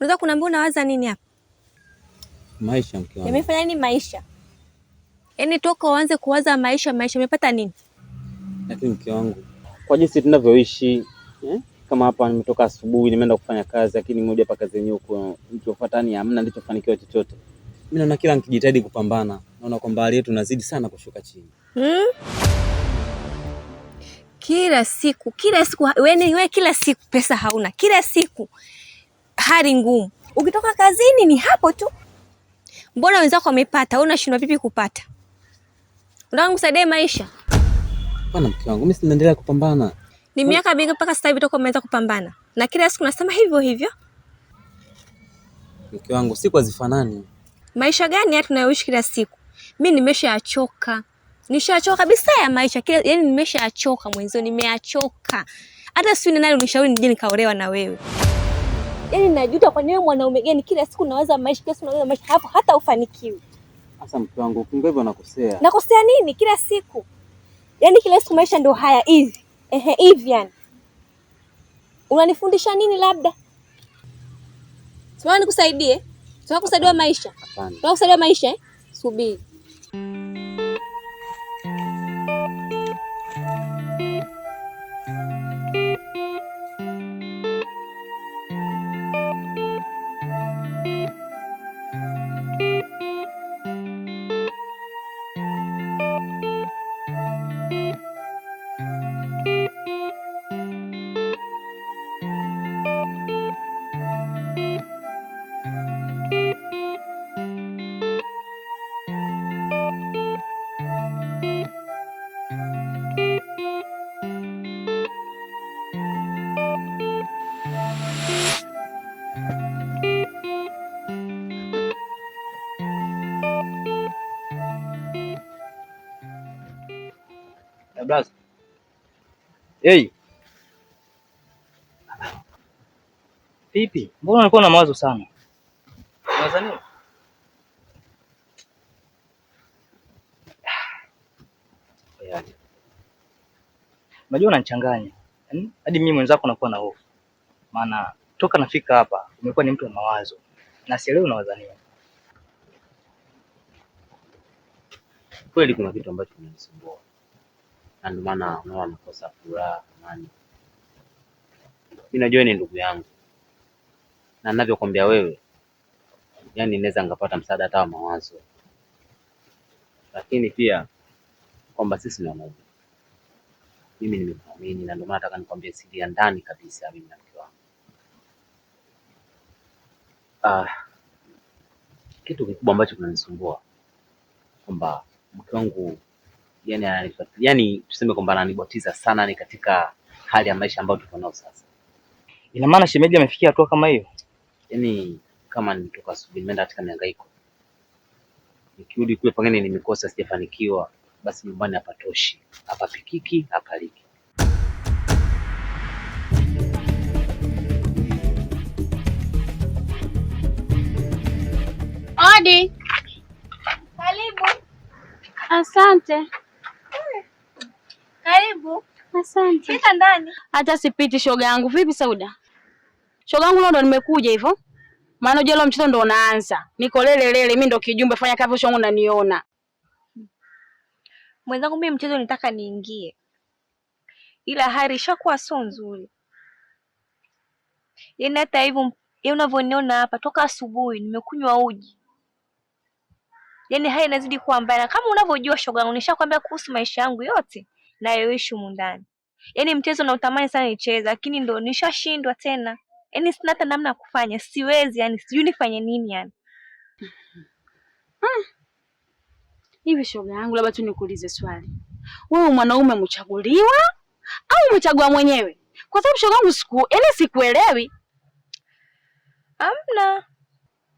unaweza kuniambia unawaza nini hapa? Maisha mke wangu. Nimefanya nini maisha? Yaani toka uanze kuwaza maisha maisha umepata nini? Lakini mke wangu, kwa jinsi tunavyoishi eh? Kama hapa nimetoka asubuhi nimeenda kufanya kazi, lakini moja hapa kazi yenyewe huko nikifuatani hamna nilichofanikiwa chochote. Mimi naona kila nikijitahidi kupambana, naona kwamba hali yetu inazidi sana kushuka chini. Hmm? Kila siku, kila siku yaani wewe, kila siku pesa hauna, kila siku hali ngumu. Ukitoka kazini ni hapo tu, mbona wenzako wamepata, wewe unashindwa vipi kupata? Unataka nikusaidie maisha? Bwana mke wangu, mimi sinaendelea kupambana, ni miaka mingi mpaka sasa hivi toka umeanza kupambana, na kila siku nasema hivyo hivyo. Mke wangu, si kwa zifanani. Maisha gani haya tunayoishi kila siku? Mimi nimeshaachoka, nishachoka kabisa ya maisha kila, yani nimeshaachoka mwenzio, nimeachoka. Hata siwi nani unishauri nije nikaolewa na wewe. Yaani najuta kwa nini mwanaume gani kila siku naweza maisha, kila siku naweza maisha, hapo hata ufanikiwi. Sasa mke wangu, kumbe hivyo nakosea. Nakosea nini kila siku? yani kila siku maisha ndio haya hivi. Ehe, hivi yani. Unanifundisha nini labda? Sio nikusaidie? Sio kusaidia maisha. Sio kusaidia maisha eh? Subiri. blaza. Hey. Vipi? Mbona unakuwa na mawazo sana? Mawazo nini? Unajua unanichanganya. Yaani, hadi mimi mwenzako nakuwa na hofu. Maana toka nafika hapa umekuwa ni mtu wa mawazo na sielewi unawaza nini. Kweli kuna kitu ambacho kinanisumbua na ndio maana unaona anakosa furaha amani. Mimi najua ni ndugu yangu na ninavyokuambia wewe, yani naweza ngapata msaada hata wa mawazo, lakini pia kwamba sisi ni wamoja. Mimi nimekuamini na ndio maana nataka nikwambie siri ya ndani kabisa, mimi na mke wangu. Ah, kitu kikubwa ambacho kinanisumbua kwamba mke wangu yani, yani tuseme kwamba ananibatiza sana, ni katika hali ya maisha ambayo tuko nayo sasa. Ina maana shemeji amefikia hatua kama hiyo? Yani kama nitoka asubuhi nimeenda katika mihangaiko, nikirudi kule pengine nimekosa, sijafanikiwa, basi nyumbani hapatoshi, hapapikiki, hapaliki. Odi, karibu. Asante. Karibu. Asante. Pita ndani. Hata sipiti shoga yangu. Vipi Sauda? Shoga yangu leo ndo nimekuja hivyo. Maana jelo leo mchezo ndo unaanza. Niko lele lele, mimi ndo kijumbe fanya kavyo shoga yangu unaniona. Mwenzangu mimi mchezo nitaka niingie. Ila hali ishakuwa sio nzuri. Yaani hata hivyo yeye yaani unavyoniona hapa toka asubuhi nimekunywa uji. Yaani hali inazidi kuwa mbaya. Kama unavyojua shoga yangu, nishakwambia kuhusu maisha yangu yote nayoishi humu ndani. Yaani mchezo nautamani sana nicheza, lakini ndo nishashindwa tena. Yaani sina hata namna ya kufanya, siwezi yani, sijui nifanye nini yani. Ah. Hivi shoga yangu, labda tu nikuulize swali, wewe mwanaume mchaguliwa au umechagua mwenyewe? Kwa sababu shoga yangu siku yaani sikuelewi. Amna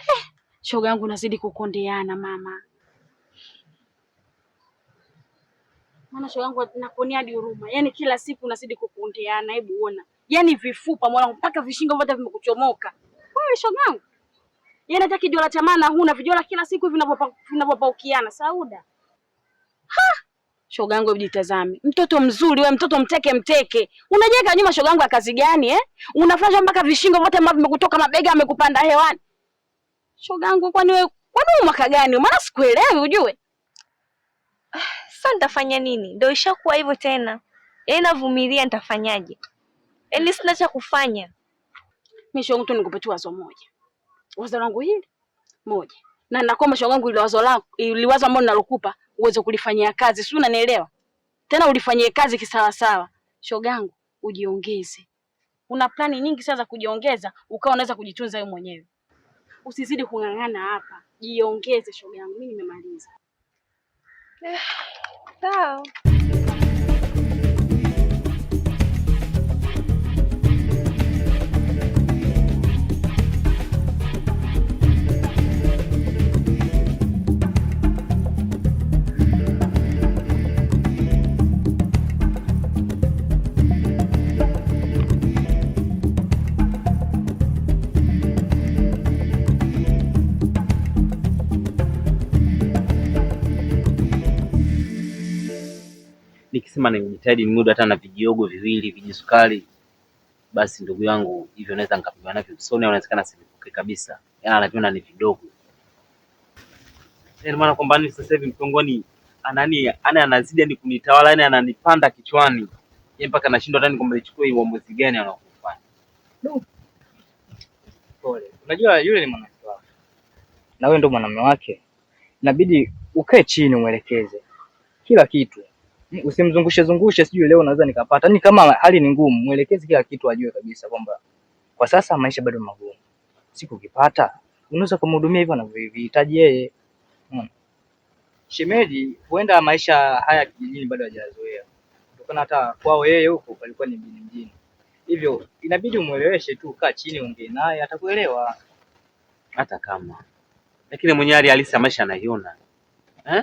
eh, shoga yangu, nazidi kukondeana mama Maana yangu nakuonea hadi huruma. Yaani kila siku unazidi kukundeana, hebu uona. Yaani vifupa mwanangu mpaka vishingo vyote vimekuchomoka. Wewe yangu. Yaani hata kijola cha maana huna vijola kila siku hivi vinavyopaukiana, Sauda. Ha! Shogangu jitazame, Mtoto mzuri wewe, mtoto mteke mteke. Unajenga nyuma yangu ya kazi gani eh? Unafanya mpaka vishingo vyote vimekutoka mabega amekupanda hewani. yangu, kwani wewe kwani mwaka gani? Maana sikuelewi ujue. Ah, sasa nitafanya nini? Ndio ishakuwa hivyo tena, yaani navumilia, nitafanyaje? Yaani sina cha kufanya. tu nikupatia wazo moja, wazo langu hili moja, na nakuwa mashoga wangu, ile wazo langu, ile wazo ambalo nalokupa uweze kulifanyia kazi, si unanielewa? Tena ulifanyie kazi kisawasawa, shogangu, ujiongeze. Una plani nyingi sana za kujiongeza, ukawa unaweza kujitunza wewe mwenyewe. Usizidi kung'ang'ana hapa, jiongeze shogangu, mimi nimemaliza. Tchau. nikisema nimejitahidi muda hata na vijiogo viwili vijisukari, basi ndugu yangu hivyo naweza nikapigana navyo usoni, au inawezekana sivivuke kabisa, yana anaviona ni vidogo. Ndio yaani maana kwamba ni sasa hivi mtongoni anani ana yaani anazidi ni yaani kunitawala, yani ananipanda kichwani, yeye mpaka anashindwa tani kwamba nichukue uamuzi gani anaokufanya. Pole. Unajua yule ni mwanamke wako. Na wewe ndio mwanamume wake. Inabidi ukae chini umwelekeze kila kitu. Eh, usimzungushe zungushe, sijui leo naweza nikapata. Ni yaani kama hali ni ngumu, mwelekezi kila kitu ajue kabisa kwamba kwa sasa maisha bado magumu, siku kipata unaweza kumhudumia hivyo anavyohitaji yeye. Hmm. Shemeji, huenda maisha haya kijijini bado hajazoea kutokana hata kwao yeye huko palikuwa ni mjini mjini, hivyo inabidi umweleweshe tu, kaa chini, ongee naye atakuelewa. Hata kama lakini mwenye hali halisi ya maisha anaiona eh?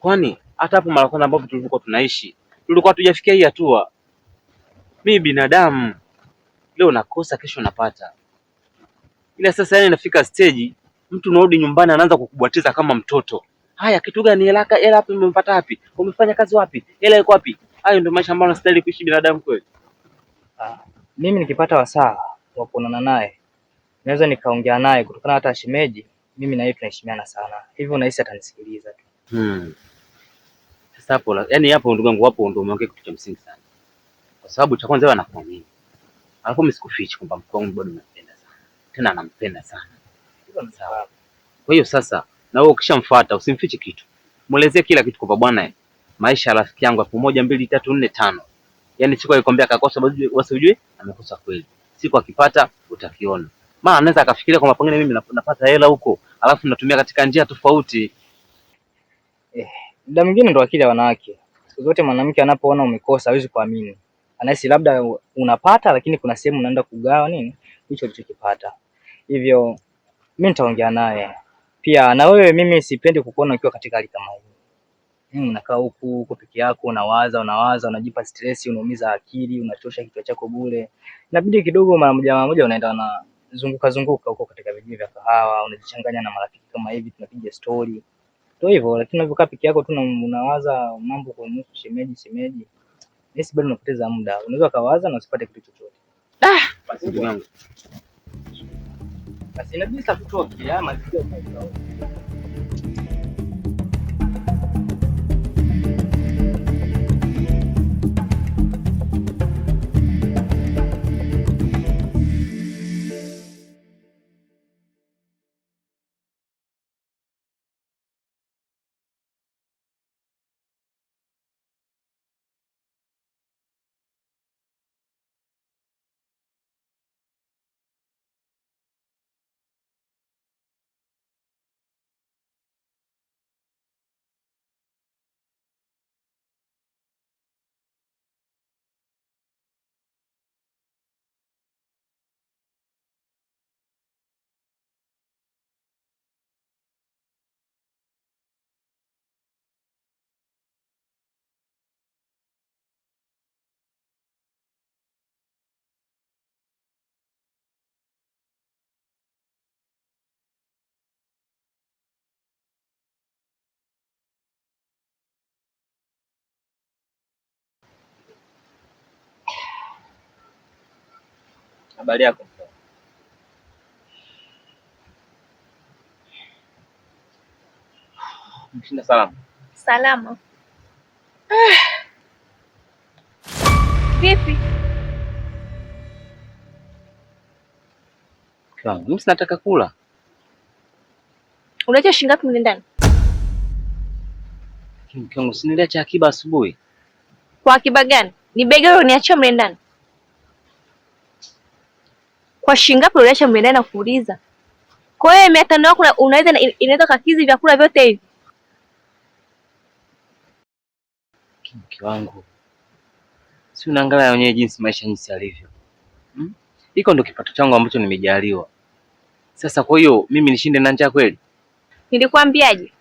kwani hata hapo mara kwanza ambapo tulikuwa tunaishi tulikuwa tujafikia hii hatua. Mimi binadamu, leo nakosa, kesho napata, ila sasa yani nafika stage mtu unarudi nyumbani anaanza kukubwatiza kama mtoto. Haya, kitu gani? Hela hela wapi? Umempata wapi? Umefanya kazi wapi? Hela iko wapi? Hayo ndio maisha ambayo nastahili kuishi binadamu kweli? Ah, mimi nikipata wasaa wa kuonana naye naweza nikaongea naye kutokana hata shemeji, mimi na yeye tunaheshimiana sana, hivyo unahisi atanisikiliza tu. hmm. Sasa hapo yani, hapo ndugu yangu, hapo ndio umeongea kitu cha msingi sana, kwa sababu cha kwanza wewe anakuamini, alafu mimi sikufichi kwamba mke wangu bado nampenda sana, tena anampenda sana. Kwa hiyo sasa na wewe ukishamfuata usimfiche kitu, mwelezee kila kitu kwa bwana, maisha ya rafiki yangu hapo moja mbili tatu nne tano, yani siku alikwambia akakosa, basi ujue amekosa kweli, siku akipata utakiona, maana anaweza akafikiria kwamba pengine mimi napata hela huko, alafu natumia katika njia tofauti eh. Muda mwingine ndo akili ya wanawake. Siku zote mwanamke anapoona umekosa hawezi kuamini, anahisi labda unapata, lakini kuna sehemu unaenda kugawa nini hicho ulichokipata. Hivyo mimi nitaongea naye pia. Na wewe, mimi sipendi kukuona ukiwa katika hali kama hii. Mimi nakaa huku huko peke yako, unawaza unawaza, unajipa stress, unaumiza akili, unachosha kichwa chako bure. Inabidi kidogo mara moja mara moja unaenda na zunguka zunguka huko katika vijiji vya kahawa, unajichanganya na marafiki kama hivi, tunapiga story. Ndio hivyo, lakini unavyokaa peke yako tu unawaza mambo mtu shemeji shemeji, basi bado unapoteza muda. Unaweza kawaza na usipate kitu chochote. Ah! Basi inabidi kutoka Habari yako? Mshinda salama? Salama. Vipi? Mimi sinataka kula. Unaacha shilingi ngapi mle ndani? Mke wangu, akiba asubuhi. Kwa akiba gani? Ni begi uloniachia mle ndani kwa ngapi uliacha mwendae na kuuliza. Kwa hiyo mia tano yako unaweza inaweza kakizi vyakula vyote hivi. Mke wangu, si unaangalia wenyewe jinsi maisha jinsi yalivyo, hmm? Iko ndo kipato changu ambacho nimejaliwa sasa. Kwa hiyo mimi nishinde na njaa kweli? Nilikwambiaje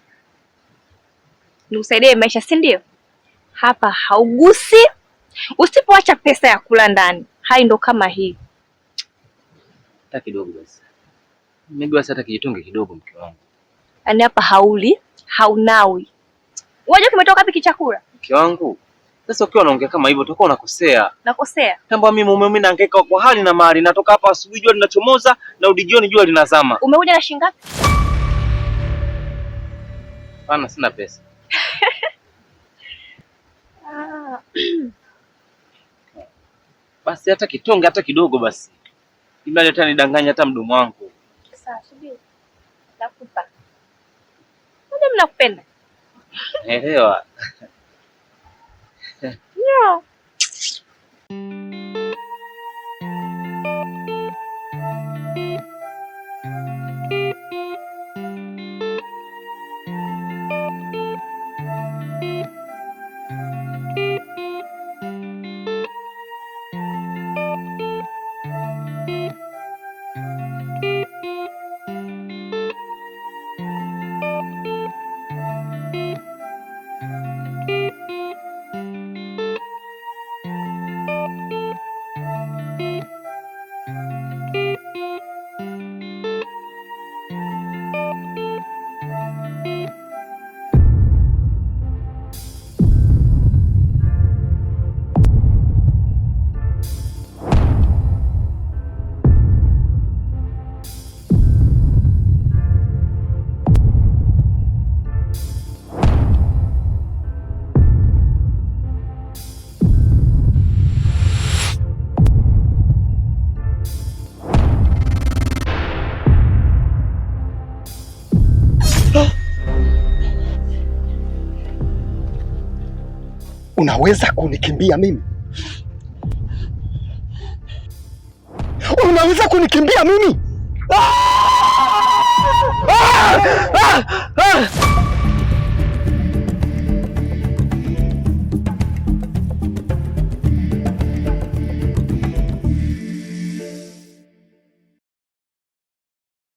nikusaidie maisha, si ndio? Hapa haugusi, usipoacha pesa ya kula ndani, hai ndo kama hii hata kidogo basi. Mimi basi hata kijitunge kidogo mke wangu. Yaani hapa hauli, haunawi. Unajua kimetoka wapi kichakula? Mke wangu. Sasa ukiwa unaongea kama hivyo utakuwa unakosea. Nakosea. Tambua mimi mume mimi nahangaika kwa hali na mali. Natoka hapa asubuhi jua linachomoza na udi jioni jua linazama. Umekuja na shilingi ngapi? Hapana, sina pesa. Basi hata kitonge hata kidogo basi. Imani hata nidanganya hata mdomo wangu. Sasa subiri. Nakupa. Ndio mnakupenda. Elewa. No. Unaweza kunikimbia mimi? Unaweza kunikimbia mimi? Ah! Ah! Ah! Ah!